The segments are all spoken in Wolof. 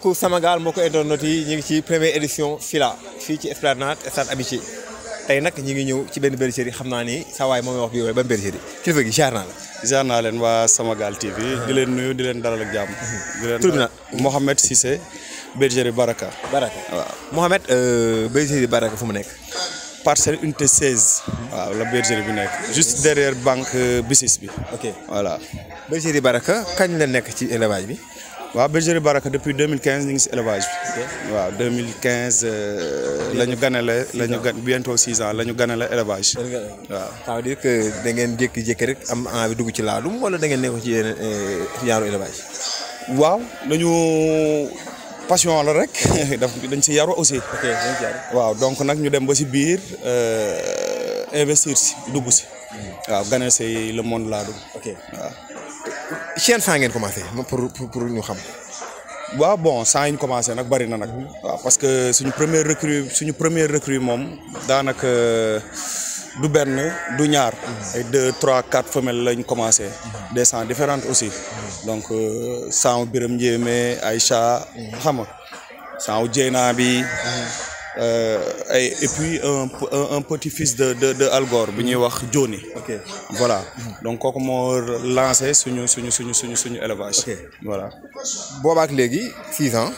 mbokk Samagal moko ko internet yi ñi ngi ci première édition Fila fi ci Esplanade stade Amitié tay nak ñi ngi ñëw ci benn bergerie xamna ni sa way momay wax bi ba bergerie kilifa gi jarna la. jarna len wa Samagal TV. Ah. di len nuyu di len dalal ak jàmm. Mm-hmm. di len tourna na Cissé bergerie Baraka. Baraka waaw euh bergerie Baraka fu mu nekk. parcelle unité 16. Mm-hmm. waaw la bergerie bi nek juste derrière banque euh, BICIS bi. ok voilà bergerie Baraka kañ la nek ci élevage bi. waaw bergerie Baraka depuis 2015 ñu ngi si élevage bi. waaw 2015. Euh, la ñu ganale la ñu gan bientôt 6 ans la ñu ganale élevage. waaw ça veut dire que da ngeen jékki-jékki rek am envie dugg ci laalum wala da ngeen nekk ci yeneen euh, ñaaru élevage. waaw dañu passion la rek daf dañ si yaru aussi. waaw donc nag ñu dem ba si biir euh, investir si dugg si. Mm-hmm. waaw ganale si le monde Ladoum. waaw. chaîne fan ngeen commencé pour pour ñu xam. Wa bon sans yi ñu commencé nag bari na parce que suñu première recrue suñu première recrue moom daanaka euh, du ben du ñaar. Mm-hmm. ay 2 trois quatre femelles lañ commencé. Mm-hmm. des sans différentes aussi. Mm-hmm. donc euh, sans Biram Njéemé Aïcha. xam nga sangu bi. Euh, et puis un un petit-fils de de de Al Gore bu ñuy wax Johnny. voilà donc kooku moo lancé suñu suñu suñu suñu suñu élevage. voilà. boobaak léegi six ans.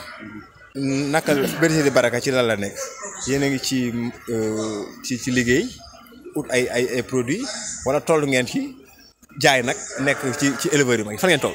naka bergerie Baraka ci lan la nekk. yéen a ngi ci euh, ci ci liguey out ay ay produits wala toll ngeen ci jaay nak nek ci ci éleveur yi fa fan ngeen toll.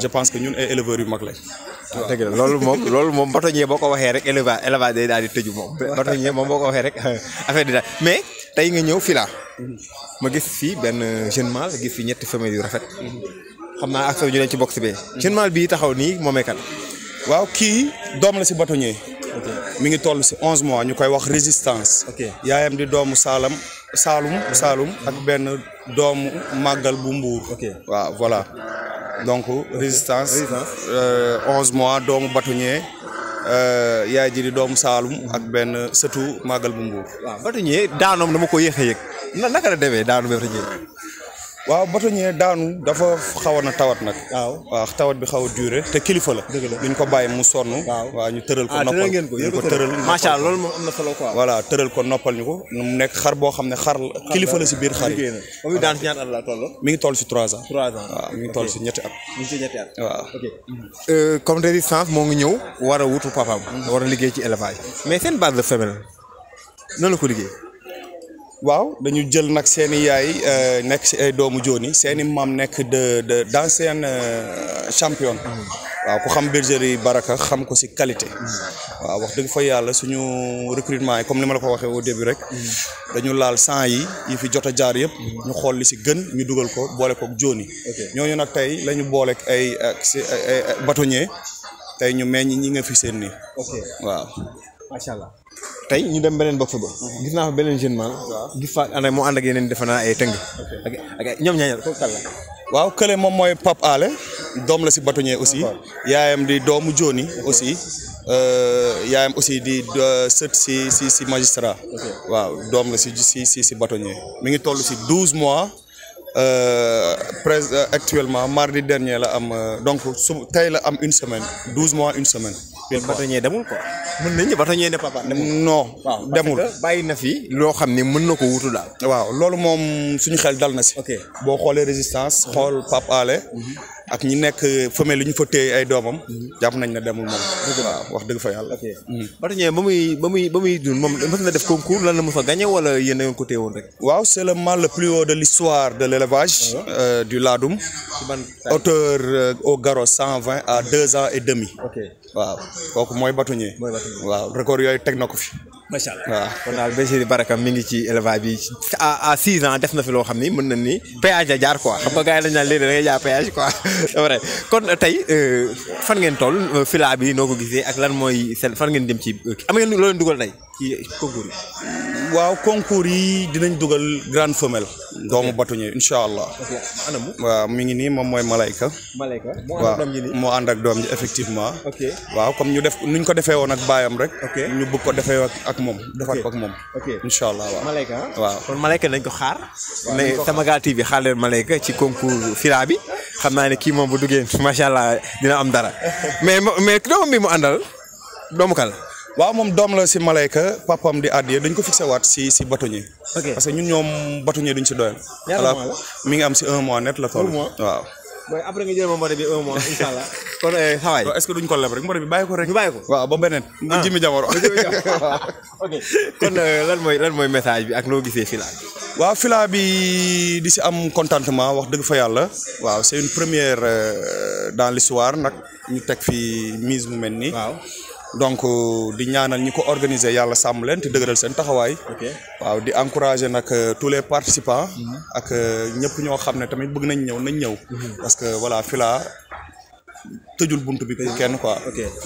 je pense que ñun ay éleveurs yu mag lañ. waaw ah, dëgg la loolu moom loolu moom batoñee boo ko waxee rek élevage élevage day daal di tëju moom. batoñee moom boo ko waxee rek affaire di daal mais tey nga ñëw fii laa ma gis fii benn jeune mâle gis fi ñetti famille yu rafet. xam naa ak soo ñu leen ci bokk si jeune mâle bii taxaw nii moom kan. waaw kii doom la si batoñee. mi ngi toll si onze mois ñu koy wax résistance. yaayam di doomu Saalam Saalum Saalum ak benn doomu màggal bu mbuur. waaw voilà. donc résistance euh, onze mois doomu batuñee euh, yaay ji di doomu saalum ak benn sëtu màggal bu mbuur waaw batuñee daanoom dama ko yéex a yëg naka la demee daanu batuñee waaw bâtonnier daanu dafa xawoon na tawat nag. waaw tawat bi xaw a duré te kilifa la. dëgg la duñ ko bàyyi mu sonn. waaw ñu tëral ko ah, noppal ngeen ko ko tëral. macha allah loolu moom am na solo quoi. voilà tëral ko noppal ñu ko mu nekk xar boo xam ne xar. kilifa la si biir xar yi. waaw daan si la toll. mi ngi toll si trois ans. trois ans waaw mi ngi toll si ñetti at. mi ngi si ñetti at waaw. ok euh, comme résistance moo ngi ñëw war a wutu papaam. war a liggéey ci élevage. mais seen base de femelle noonu la ko liggéey waaw dañu jël nag seen i yaay euh, nekk si ay doomu jooni seen i maam nekk de de d'ancienne euh, championne waaw ku xam bergerie Baraka xam ko si qualité waaw wax dëgg fa yàlla suñu recrutement yi comme ni ma la ko waxee au début rek dañu laal sang yi yi fi jot a jaar yëpp ñu xool li si gën ñu dugal ko boole kook jooni ñooñu nag tey la ñu booleek ay bâtonnier tey ñu meññ ñi nga fi seen nii waaw macha allah tay ñu dem benen box ba gis na fa benen jeune man gis fa ande mo and ak yeneen defana ay tëng ak ak ñoom ñaanal ko kala waaw kele mom moy pap Ale dom la si bâtonnier aussi yaayam di domu Joni aussi euh, yaayam aussi di seut ci ci ci magistrat waaw dom la ci ci ci ci bâtonnier mi ngi tollu ci 12 mois euh, euh actuellement mardi dernier la am euh, donc tay la am une semaine 12 mois une semaine bâtonnier demul quoi mën nañ ba tax ñee ne papa non demul bàyyi na fi loo xam ni mën na ko wutu daal waaw loolu moom suñu xel dal na si boo xoolee résistance mhm. xool Pape Alé mhm. ak ñi nekk femelle lu ñu fa ay doomam. jàpp nañ na demul moom. waaw wax dëgg fa yàlla. ok mm. Batoñe ba muy ba muy ba muy dund moom mën na def concours lan na mu fa gagné wala yéen a ko téye woon rek. waaw c' le mâle le plus haut de de l' élevage. Ah euh, du Ladoum. hauteur euh, au garrot cent vingt à deux ans et demi. waaw kooku mooy Batoñe. waaw record yooyu teg na ko fi. macha allah waaw kon daal Béchiri Baraka mi ngi ci élevage bi à à six ans def na fi loo xam ni mën na ni péage a jaar quoi xam nga gars yi dañu naan léeg-léeg da jaar péage quoi c'est vrai kon tey euh, fan ngeen tool euh, filaa bi noo ko gisee ak lan mooy seen fan ngeen dem ci euh, am ngeen loo dugal tey ci ko yi. waaw concours yi dinañ dugal grande femelle. doomu batuñu incha allah. waaw mi ngi nii moom mooy Malayka. Malayka moo ànd ak doom ji effectivement. waaw comme ñu def nuñ ko defee woon ak baayam rek. ñu bëgg ko defee ak moom. defaat ko ak moom. incha allah waaw Malayka. Ah? waaw kon Malayka nañ ko xaar. mais Tamagal TV xaar leen Malayka ci concours fila bi. xam naa ne kii moom bu duggee macha allah dina am dara. mais mais doomu bi mu àndal doomu kal wa mom dom la ci malaika papam di adiya dañ ko fixé wat ci ci batouñi parce que ñun ñom batouñi duñ ci doyal alors mi ngi am ci 1 mois net la tol waaw boy après nga jël mo modé bi 1 mois inshallah kon euh xaway est-ce que duñ ko leb rek modé bi bayiko rek ñu bayiko waaw ba benen bu jimi jamoro ok kon euh lan moy lan moy message bi ak no gisee fila waaw fila bi di ci am contentement wax deug fa yalla waaw c'est une première euh, dans l'histoire nak ñu tek fi mise mu melni waaw donc euh, di ñaanal ñi ko organiser yàlla sàmm leen te dëgëral seen taxawaay. waaw di encourager nag euh, tous les participants. Mhm. ak euh, ñëpp ñoo xam ne tamit bëgg nañ ñëw nañ ñëw. Mhm. parce que voilà tëjul buntu bi kenn quoi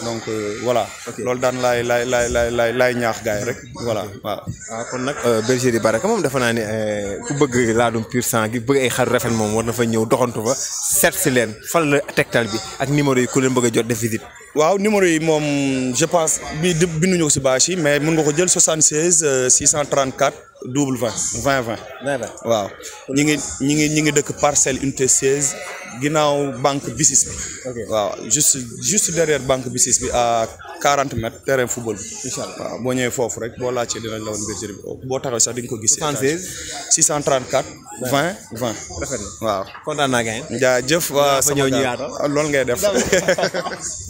donc euh, voilà loolu daan lay lay lay lay laay laay ñaax gars rek voilà waaw ah kon nag euh, bergerie Baraka moom dafa naa ne euh, ku bëgg laadum pur sang gi bëgg ay xar rafet moom war na fa ñëw doxantu fa seet si leen fan la tegtal bi ak numéro yi ku leen bëgg a jot def visite waaw numéro yi moom je pense bi binduñu ko si bâche yi mais mën nga ko jël 76 634 double vingt vingt vingt. waaw. ñu ngi ñu ngi ñu ngi dëkk parcelle unité 16 ginnaaw banque BICIS bi. waaw juste juste derrière banque BICIS bi a 40 mètres terrain football bi. incha allah waaw boo ñëwee foofu rek boo laajtee dinañ la woon bergerie bi boo taxaw sax di nga ko gis. 76 634. 20 20. rafet na waaw kontaan naa gaay. jaajëf waa sama ah. loolu ngay def.